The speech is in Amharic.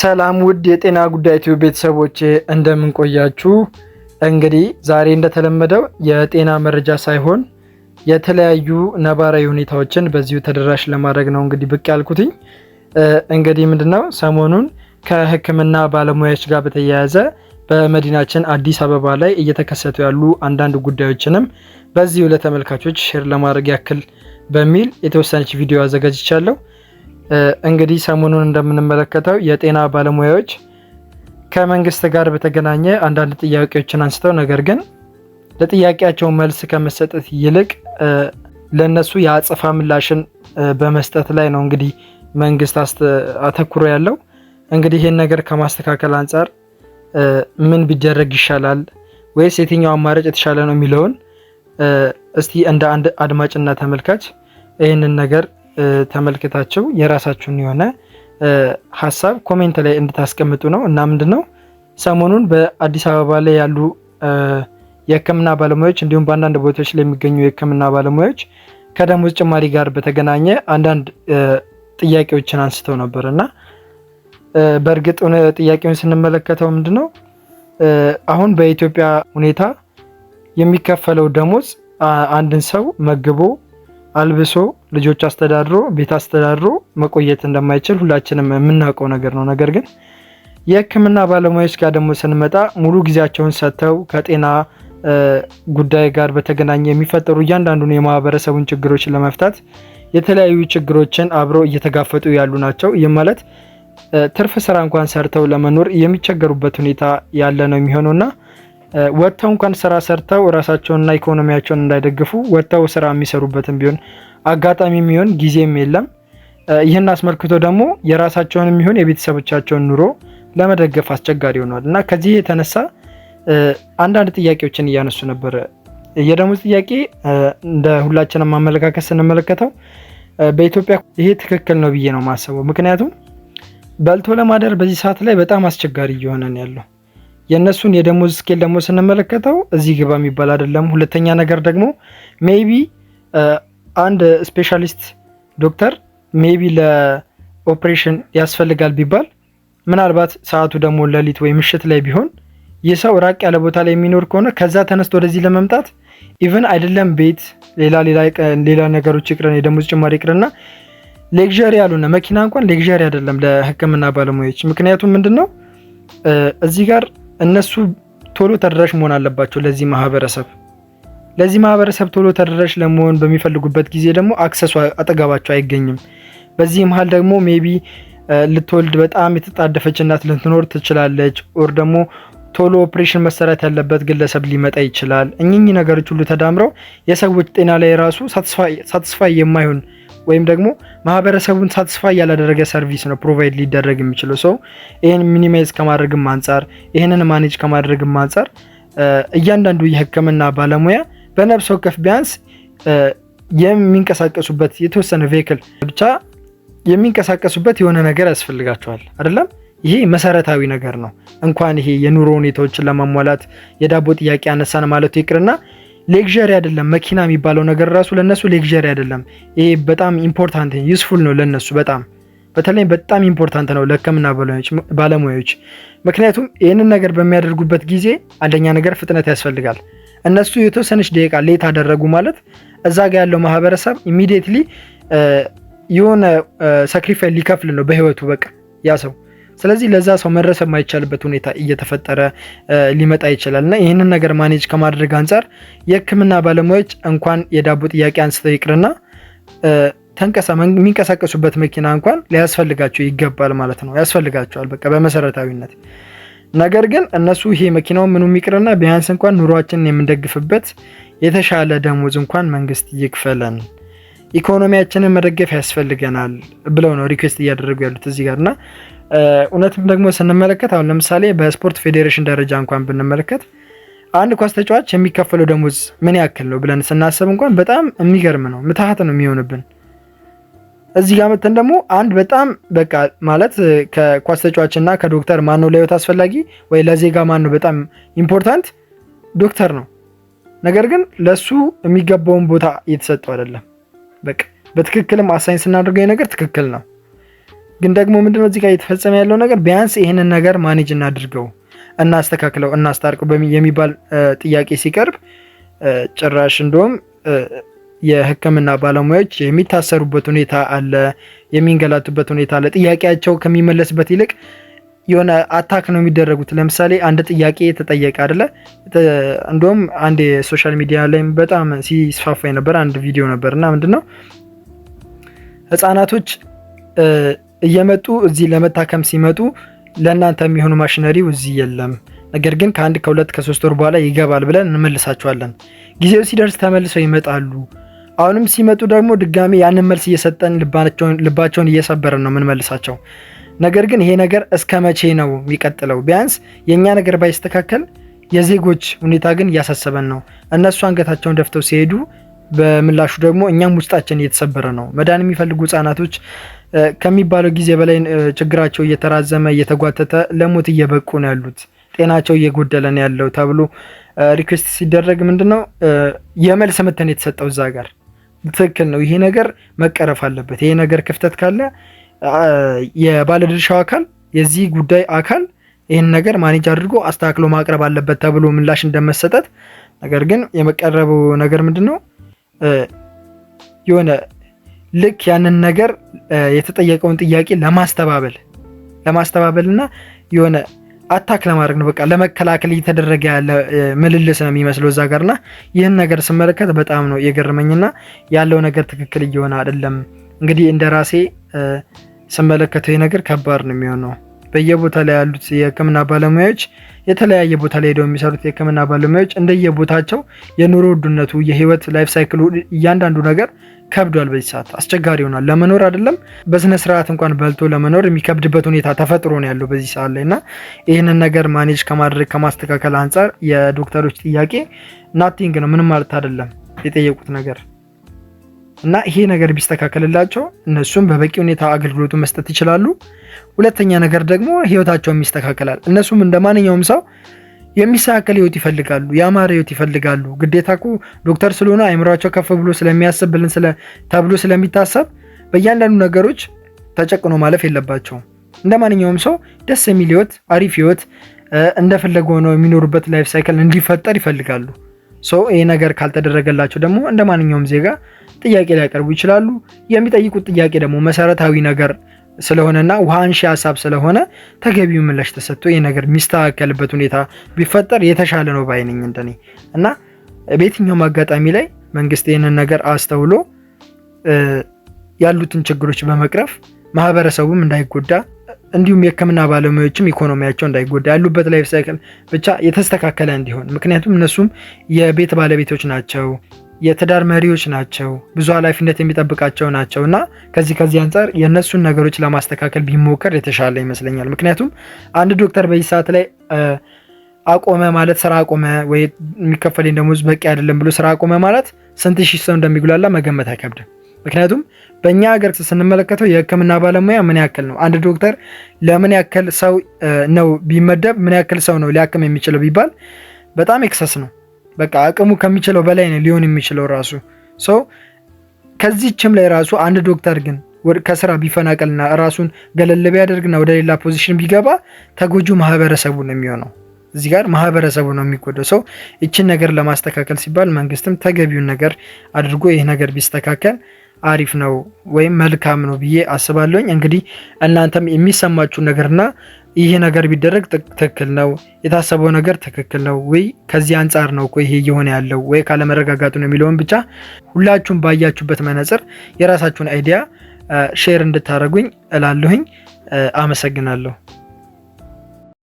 ሰላም ውድ የጤና ጉዳይ ቲዩብ ቤተሰቦች እንደምንቆያችሁ። እንግዲህ ዛሬ እንደተለመደው የጤና መረጃ ሳይሆን የተለያዩ ነባራዊ ሁኔታዎችን በዚሁ ተደራሽ ለማድረግ ነው እንግዲህ ብቅ ያልኩትኝ። እንግዲህ ምንድነው ሰሞኑን ከሕክምና ባለሙያዎች ጋር በተያያዘ በመዲናችን አዲስ አበባ ላይ እየተከሰቱ ያሉ አንዳንድ ጉዳዮችንም በዚሁ ለተመልካቾች ሼር ለማድረግ ያክል በሚል የተወሰነች ቪዲዮ አዘጋጅቻለሁ። እንግዲህ ሰሞኑን እንደምንመለከተው የጤና ባለሙያዎች ከመንግስት ጋር በተገናኘ አንዳንድ ጥያቄዎችን አንስተው ነገር ግን ለጥያቄያቸው መልስ ከመሰጠት ይልቅ ለእነሱ የአጸፋ ምላሽን በመስጠት ላይ ነው እንግዲህ መንግስት አተኩሮ ያለው። እንግዲህ ይህን ነገር ከማስተካከል አንጻር ምን ቢደረግ ይሻላል ወይስ የትኛው አማራጭ የተሻለ ነው የሚለውን እስቲ እንደ አንድ አድማጭና ተመልካች ይህንን ነገር ተመልክታቸው የራሳችሁን የሆነ ሀሳብ ኮሜንት ላይ እንድታስቀምጡ ነው እና ምንድን ነው ሰሞኑን በአዲስ አበባ ላይ ያሉ የህክምና ባለሙያዎች እንዲሁም በአንዳንድ ቦታዎች ላይ የሚገኙ የህክምና ባለሙያዎች ከደሞዝ ጭማሪ ጋር በተገናኘ አንዳንድ ጥያቄዎችን አንስተው ነበር እና በእርግጥ ጥያቄውን ስንመለከተው ምንድን ነው አሁን በኢትዮጵያ ሁኔታ የሚከፈለው ደሞዝ አንድን ሰው መግቦ አልብሶ ልጆች አስተዳድሮ ቤት አስተዳድሮ መቆየት እንደማይችል ሁላችንም የምናውቀው ነገር ነው። ነገር ግን የህክምና ባለሙያዎች ጋር ደግሞ ስንመጣ ሙሉ ጊዜያቸውን ሰጥተው ከጤና ጉዳይ ጋር በተገናኘ የሚፈጠሩ እያንዳንዱን የማህበረሰቡን ችግሮች ለመፍታት የተለያዩ ችግሮችን አብረው እየተጋፈጡ ያሉ ናቸው። ይህም ማለት ትርፍ ስራ እንኳን ሰርተው ለመኖር የሚቸገሩበት ሁኔታ ያለ ነው የሚሆነውና ወጥተው እንኳን ስራ ሰርተው ራሳቸውንና ኢኮኖሚያቸውን እንዳይደግፉ ወጥተው ስራ የሚሰሩበትም ቢሆን አጋጣሚ የሚሆን ጊዜም የለም። ይህን አስመልክቶ ደግሞ የራሳቸውን የሚሆን የቤተሰቦቻቸውን ኑሮ ለመደገፍ አስቸጋሪ ሆኗል እና ከዚህ የተነሳ አንዳንድ ጥያቄዎችን እያነሱ ነበረ። የደሞዝ ጥያቄ እንደ ሁላችንም አመለካከት ስንመለከተው በኢትዮጵያ ይሄ ትክክል ነው ብዬ ነው የማስበው። ምክንያቱም በልቶ ለማደር በዚህ ሰዓት ላይ በጣም አስቸጋሪ እየሆነ ነው ያለው። የእነሱን የደሞዝ ስኬል ደግሞ ስንመለከተው እዚህ ግባ የሚባል አይደለም። ሁለተኛ ነገር ደግሞ ሜይቢ አንድ ስፔሻሊስት ዶክተር ሜቢ ለኦፕሬሽን ያስፈልጋል ቢባል ምናልባት ሰዓቱ ደግሞ ሌሊት ወይ ምሽት ላይ ቢሆን ይህ ሰው ራቅ ያለ ቦታ ላይ የሚኖር ከሆነ ከዛ ተነስቶ ወደዚህ ለመምጣት ኢቨን አይደለም ቤት ሌላ ሌላ ነገሮች ይቅረን የደሞዝ ጭማሪ ይቅርና ሌግዣሪ ያሉነ መኪና እንኳን ሌግዣሪ አይደለም ለህክምና ባለሙያዎች። ምክንያቱም ምንድን ነው እዚህ ጋር እነሱ ቶሎ ተደራሽ መሆን አለባቸው ለዚህ ማህበረሰብ። ለዚህ ማህበረሰብ ቶሎ ተደራሽ ለመሆን በሚፈልጉበት ጊዜ ደግሞ አክሰሱ አጠገባቸው አይገኝም። በዚህ መሀል ደግሞ ሜቢ ልትወልድ በጣም የተጣደፈች እናት ልትኖር ትችላለች። ኦር ደግሞ ቶሎ ኦፕሬሽን መሰራት ያለበት ግለሰብ ሊመጣ ይችላል። እኚህ ነገሮች ሁሉ ተዳምረው የሰዎች ጤና ላይ ራሱ ሳትስፋይ የማይሆን ወይም ደግሞ ማህበረሰቡን ሳትስፋይ ያላደረገ ሰርቪስ ነው ፕሮቫይድ ሊደረግ የሚችለው ሰው። ይህን ሚኒማይዝ ከማድረግም አንጻር፣ ይህንን ማኔጅ ከማድረግም አንጻር እያንዳንዱ የህክምና ባለሙያ በነፍስ ወከፍ ቢያንስ የሚንቀሳቀሱበት የተወሰነ ቬክል ብቻ የሚንቀሳቀሱበት የሆነ ነገር ያስፈልጋቸዋል አይደለም። ይሄ መሰረታዊ ነገር ነው። እንኳን ይሄ የኑሮ ሁኔታዎችን ለማሟላት የዳቦ ጥያቄ አነሳን ማለቱ ይቅርና ሌግዠሪ አይደለም። መኪና የሚባለው ነገር ራሱ ለነሱ ሌግዠሪ አይደለም። ይሄ በጣም ኢምፖርታንት ዩስፉል ነው ለነሱ በጣም በተለይ በጣም ኢምፖርታንት ነው ለህክምና ባለሙያዎች። ምክንያቱም ይህንን ነገር በሚያደርጉበት ጊዜ አንደኛ ነገር ፍጥነት ያስፈልጋል። እነሱ የተወሰነች ደቂቃ ሌት አደረጉ ማለት እዛ ጋ ያለው ማህበረሰብ ኢሚዲየትሊ የሆነ ሳክሪፋይ ሊከፍል ነው በህይወቱ በቃ ያ ሰው። ስለዚህ ለዛ ሰው መድረስ የማይቻልበት ሁኔታ እየተፈጠረ ሊመጣ ይችላል እና ይህንን ነገር ማኔጅ ከማድረግ አንጻር የህክምና ባለሙያዎች እንኳን የዳቦ ጥያቄ አንስተው ይቅርና የሚንቀሳቀሱበት መኪና እንኳን ሊያስፈልጋቸው ይገባል ማለት ነው። ያስፈልጋቸዋል በቃ በመሰረታዊነት ነገር ግን እነሱ ይሄ መኪናው ምኑ ይቅርና ቢያንስ እንኳን ኑሯችንን የምንደግፍበት የተሻለ ደሞዝ እንኳን መንግስት ይክፈለን፣ ኢኮኖሚያችንን መደገፍ ያስፈልገናል ብለው ነው ሪኩዌስት እያደረጉ ያሉት እዚህ ጋር እና እውነትም ደግሞ ስንመለከት አሁን ለምሳሌ በስፖርት ፌዴሬሽን ደረጃ እንኳን ብንመለከት አንድ ኳስ ተጫዋች የሚከፈለው ደሞዝ ምን ያክል ነው ብለን ስናስብ እንኳን በጣም የሚገርም ነው፣ ምትሃት ነው የሚሆንብን እዚህ ጋር መተን ደግሞ አንድ በጣም በቃ ማለት ከኳስ ተጫዋች እና ከዶክተር ማን ነው ለህይወት አስፈላጊ ወይ ለዜጋ ማን ነው በጣም ኢምፖርታንት ዶክተር ነው። ነገር ግን ለሱ የሚገባውን ቦታ እየተሰጠው አይደለም። በቃ በትክክልም አሳይን ስናደርገው ነገር ትክክል ነው፣ ግን ደግሞ ምንድነው እዚህ ጋር እየተፈጸመ ያለው ነገር ቢያንስ ይህንን ነገር ማኔጅ እናድርገው፣ እናስተካክለው፣ እናስታርቀው የሚባል ጥያቄ ሲቀርብ ጭራሽ እንደውም የህክምና ባለሙያዎች የሚታሰሩበት ሁኔታ አለ፣ የሚንገላቱበት ሁኔታ አለ። ጥያቄያቸው ከሚመለስበት ይልቅ የሆነ አታክ ነው የሚደረጉት። ለምሳሌ አንድ ጥያቄ ተጠየቀ አደለ? እንዲሁም አንድ የሶሻል ሚዲያ ላይ በጣም ሲስፋፋ የነበር አንድ ቪዲዮ ነበር እና ምንድን ነው ህጻናቶች እየመጡ እዚህ ለመታከም ሲመጡ ለእናንተ የሚሆኑ ማሽነሪው እዚህ የለም፣ ነገር ግን ከአንድ ከሁለት ከሶስት ወር በኋላ ይገባል ብለን እንመልሳቸዋለን። ጊዜው ሲደርስ ተመልሰው ይመጣሉ አሁንም ሲመጡ ደግሞ ድጋሚ ያንን መልስ እየሰጠን ልባቸውን እየሰበረን ነው የምንመልሳቸው። ነገር ግን ይሄ ነገር እስከ መቼ ነው የሚቀጥለው? ቢያንስ የእኛ ነገር ባይስተካከል የዜጎች ሁኔታ ግን እያሳሰበን ነው። እነሱ አንገታቸውን ደፍተው ሲሄዱ በምላሹ ደግሞ እኛም ውስጣችን እየተሰበረ ነው። መዳን የሚፈልጉ ህጻናቶች ከሚባለው ጊዜ በላይ ችግራቸው እየተራዘመ እየተጓተተ ለሞት እየበቁ ነው ያሉት። ጤናቸው እየጎደለ ነው ያለው ተብሎ ሪኩዌስት ሲደረግ ምንድን ነው የመልስ ምትን የተሰጠው እዛ ጋር ትክክል ነው። ይሄ ነገር መቀረፍ አለበት። ይሄ ነገር ክፍተት ካለ የባለድርሻው አካል የዚህ ጉዳይ አካል ይህን ነገር ማኔጅ አድርጎ አስተካክሎ ማቅረብ አለበት ተብሎ ምላሽ እንደመሰጠት ነገር ግን የመቀረቡ ነገር ምንድን ነው የሆነ ልክ ያንን ነገር የተጠየቀውን ጥያቄ ለማስተባበል ለማስተባበል እና የሆነ አታክ ለማድረግ ነው፣ በቃ ለመከላከል እየተደረገ ያለ ምልልስ ነው የሚመስለው እዛ ጋር እና ይህን ነገር ስመለከት በጣም ነው የገረመኝና ያለው ነገር ትክክል እየሆነ አይደለም። እንግዲህ እንደ ራሴ ስመለከተው ነገር ከባድ ነው የሚሆነው። በየቦታ ላይ ያሉት የህክምና ባለሙያዎች የተለያየ ቦታ ላይ ሄደው የሚሰሩት የህክምና ባለሙያዎች እንደየቦታቸው የኑሮ ውድነቱ፣ የህይወት ላይፍ ሳይክሉ፣ እያንዳንዱ ነገር ከብዷል። በዚህ ሰዓት አስቸጋሪ ይሆናል ለመኖር አይደለም በስነ ስርዓት እንኳን በልቶ ለመኖር የሚከብድበት ሁኔታ ተፈጥሮ ነው ያለው በዚህ ሰዓት ላይ እና ይህንን ነገር ማኔጅ ከማድረግ ከማስተካከል አንጻር የዶክተሮች ጥያቄ ናቲንግ ነው፣ ምንም ማለት አይደለም የጠየቁት ነገር እና ይሄ ነገር ቢስተካከልላቸው እነሱም በበቂ ሁኔታ አገልግሎቱ መስጠት ይችላሉ። ሁለተኛ ነገር ደግሞ ህይወታቸውም ይስተካከላል። እነሱም እንደ ማንኛውም ሰው የሚስተካከል ህይወት ይፈልጋሉ፣ ያማረ ህይወት ይፈልጋሉ። ግዴታ እኮ ዶክተር ስለሆነ አይምሯቸው ከፍ ብሎ ስለሚያስብልን ተብሎ ስለሚታሰብ በእያንዳንዱ ነገሮች ተጨቅኖ ማለፍ የለባቸውም። እንደ ማንኛውም ሰው ደስ የሚል ህይወት፣ አሪፍ ህይወት እንደፈለገ ሆነው የሚኖሩበት ላይፍ ሳይክል እንዲፈጠር ይፈልጋሉ። ሰው ይሄ ነገር ካልተደረገላቸው ደግሞ እንደ ማንኛውም ዜጋ ጥያቄ ሊያቀርቡ ይችላሉ። የሚጠይቁት ጥያቄ ደግሞ መሰረታዊ ነገር ስለሆነና ውሃ አንሺ ሀሳብ ስለሆነ ተገቢው ምላሽ ተሰጥቶ ይህ ነገር የሚስተካከልበት ሁኔታ ቢፈጠር የተሻለ ነው ባይነኝ እንደኔ እና በየትኛውም አጋጣሚ ላይ መንግስት ይህንን ነገር አስተውሎ ያሉትን ችግሮች በመቅረፍ ማህበረሰቡም እንዳይጎዳ እንዲሁም የሕክምና ባለሙያዎችም ኢኮኖሚያቸው እንዳይጎዳ ያሉበት ላይፍ ሳይክል ብቻ የተስተካከለ እንዲሆን፣ ምክንያቱም እነሱም የቤት ባለቤቶች ናቸው። የትዳር መሪዎች ናቸው፣ ብዙ ኃላፊነት የሚጠብቃቸው ናቸው እና ከዚህ ከዚህ አንጻር የእነሱን ነገሮች ለማስተካከል ቢሞከር የተሻለ ይመስለኛል። ምክንያቱም አንድ ዶክተር በዚህ ሰዓት ላይ አቆመ ማለት ስራ አቆመ ወይ የሚከፈለኝ ደሞዝ በቂ አይደለም ብሎ ስራ አቆመ ማለት ስንት ሺህ ሰው እንደሚጉላላ መገመት አይከብድም። ምክንያቱም በእኛ ሀገር ስንመለከተው የሕክምና ባለሙያ ምን ያክል ነው? አንድ ዶክተር ለምን ያክል ሰው ነው ቢመደብ፣ ምን ያክል ሰው ነው ሊያክም የሚችለው ቢባል በጣም ኤክሰስ ነው። በቃ አቅሙ ከሚችለው በላይ ነው ሊሆን የሚችለው ራሱ ሰው። ከዚችም ላይ ራሱ አንድ ዶክተር ግን ከስራ ቢፈናቀልና ራሱን ገለል ቢያደርግና ወደ ሌላ ፖዚሽን ቢገባ ተጎጁ ማህበረሰቡ ነው የሚሆነው። እዚህ ጋር ማህበረሰቡ ነው የሚጎደው። ሰው ይችን ነገር ለማስተካከል ሲባል መንግስትም ተገቢውን ነገር አድርጎ ይህ ነገር ቢስተካከል አሪፍ ነው ወይም መልካም ነው ብዬ አስባለሁኝ። እንግዲህ እናንተም የሚሰማችሁ ነገርና ይሄ ነገር ቢደረግ ትክክል ነው፣ የታሰበው ነገር ትክክል ነው ወይ ከዚህ አንጻር ነው እኮ ይሄ እየሆነ ያለው ወይ ካለመረጋጋቱ ነው የሚለውን ብቻ ሁላችሁም ባያችሁበት መነጽር የራሳችሁን አይዲያ ሼር እንድታደረጉኝ እላለሁኝ። አመሰግናለሁ።